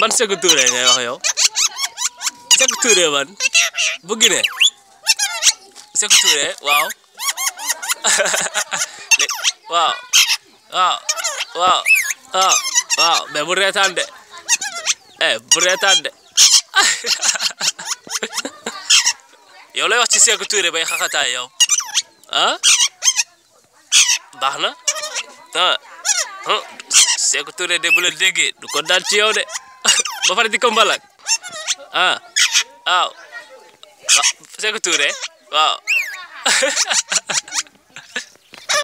ban Sékou Touré ngay wax yow Sékou Touré ban bu Guinée Sékou Touré wow wow wow wow waaw waaw be bu reetaan eh bu reetaan yo lay wax ci Touré bay yow ah baax na ah Sékou Touré de bu la déggee du ko dal ci yow de Bafariti balak. Ah. Ah. fazer saya hein eh. Wow.